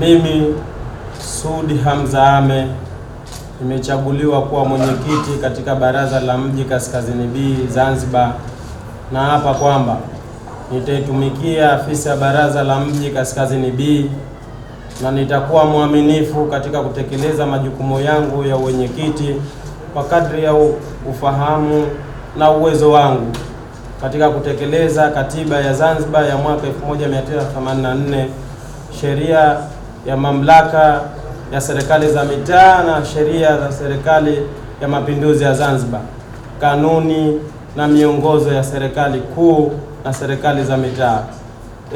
Mimi Sudi Hamza Ame nimechaguliwa kuwa mwenyekiti katika baraza la mji Kaskazini B Zanzibar, na hapa kwamba nitaitumikia afisi ya baraza la mji Kaskazini B na nitakuwa mwaminifu katika kutekeleza majukumu yangu ya uwenyekiti kwa kadri ya ufahamu na uwezo wangu katika kutekeleza katiba ya Zanzibar ya mwaka 1984 sheria ya mamlaka ya serikali za mitaa na sheria za serikali ya mapinduzi ya Zanzibar, kanuni na miongozo ya serikali kuu na serikali za mitaa.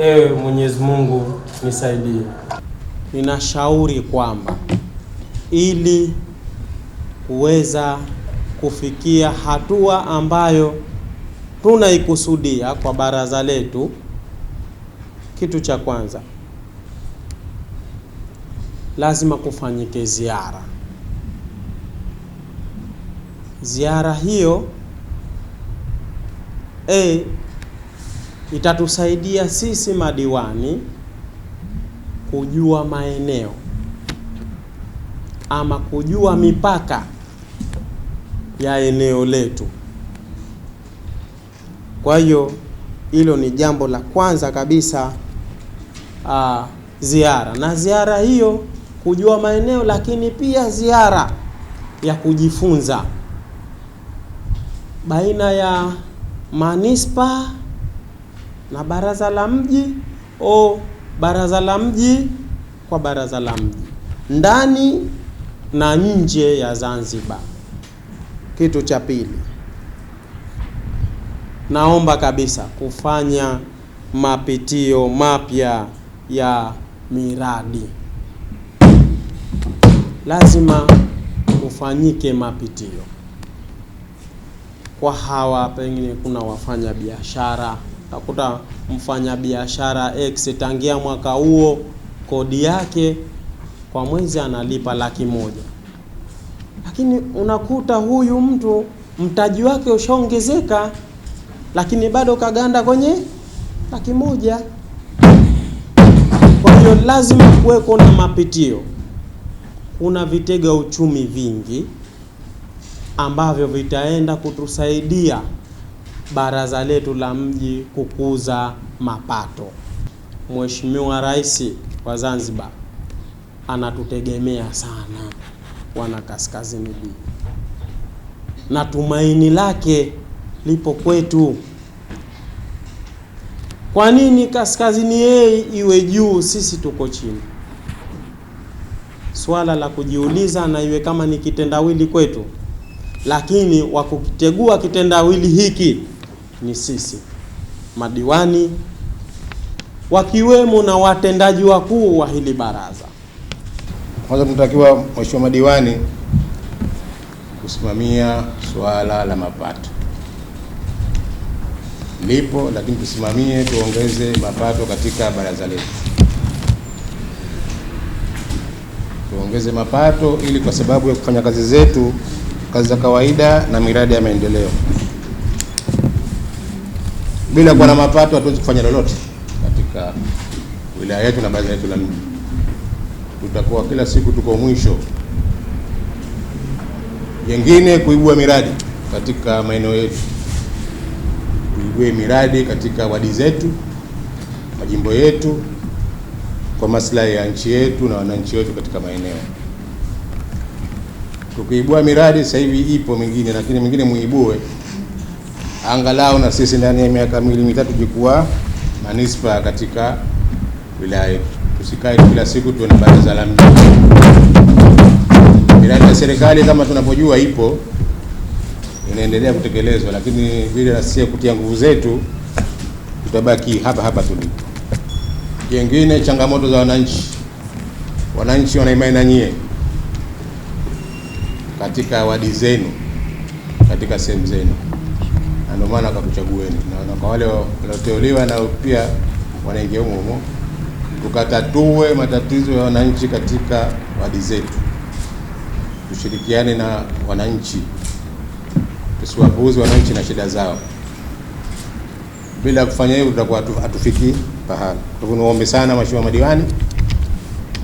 Ewe Mwenyezi Mungu nisaidie. Ninashauri kwamba ili kuweza kufikia hatua ambayo tunaikusudia kwa baraza letu, kitu cha kwanza lazima kufanyike ziara. Ziara hiyo e, itatusaidia sisi madiwani kujua maeneo ama kujua mipaka ya eneo letu. Kwa hiyo hilo ni jambo la kwanza kabisa, aa, ziara na ziara hiyo kujua maeneo, lakini pia ziara ya kujifunza baina ya manispa na baraza la mji o baraza la mji kwa baraza la mji ndani na nje ya Zanzibar. Kitu cha pili, naomba kabisa kufanya mapitio mapya ya miradi lazima kufanyike mapitio kwa hawa. Pengine kuna wafanya biashara, utakuta mfanyabiashara X tangia mwaka huo kodi yake kwa mwezi analipa laki moja, lakini unakuta huyu mtu mtaji wake ushaongezeka, lakini bado kaganda kwenye laki moja. Kwa hiyo lazima kuweko na mapitio kuna vitega uchumi vingi ambavyo vitaenda kutusaidia baraza letu la mji kukuza mapato. Mheshimiwa Rais wa Zanzibar anatutegemea sana wana Kaskazini B, na tumaini lake lipo kwetu. Kwa nini Kaskazini A iwe juu, sisi tuko chini? swala la kujiuliza na iwe kama ni kitendawili kwetu, lakini wa kukitegua kitendawili hiki ni sisi madiwani, wakiwemo na watendaji wakuu wa hili baraza. Kwanza tunatakiwa mheshimiwa madiwani kusimamia swala la mapato lipo, lakini tusimamie tuongeze mapato katika baraza letu. tuongeze mapato ili kwa sababu ya kufanya kazi zetu, kazi za kawaida na miradi ya maendeleo. Bila kuwa na mapato hatuwezi kufanya lolote katika wilaya yetu na baadhi yetu la mji, tutakuwa kila siku tuko mwisho. Jengine, kuibua miradi katika maeneo yetu, tuibue miradi katika wadi zetu, majimbo yetu kwa maslahi ya nchi yetu na wananchi wetu katika maeneo. Tukiibua miradi sasa hivi ipo mingine, lakini mingine muibue angalau na sisi ndani ya miaka miwili mitatu jikuwa manispa katika wilaya yetu. Tusikae kila siku tuone baraza la mji. Miradi ya serikali kama tunavyojua ipo inaendelea kutekelezwa, lakini vile asiye kutia nguvu zetu tutabaki hapa hapa tulipo. Jengine, changamoto za wananchi. Wananchi wana imani na nyie katika wadi zenu, katika sehemu zenu, na ndio maana akakuchagueni na kwa wale walioteuliwa na pia wanaingia humo humo, tukatatue matatizo ya wananchi katika wadi zetu, tushirikiane na wananchi, tusiwapuuzi wananchi na shida zao. Bila kufanya hivyo tutakuwa hatufiki pahala. Kwa hivyo sana mheshimiwa madiwani,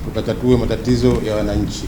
tukatatue matatizo ya wananchi.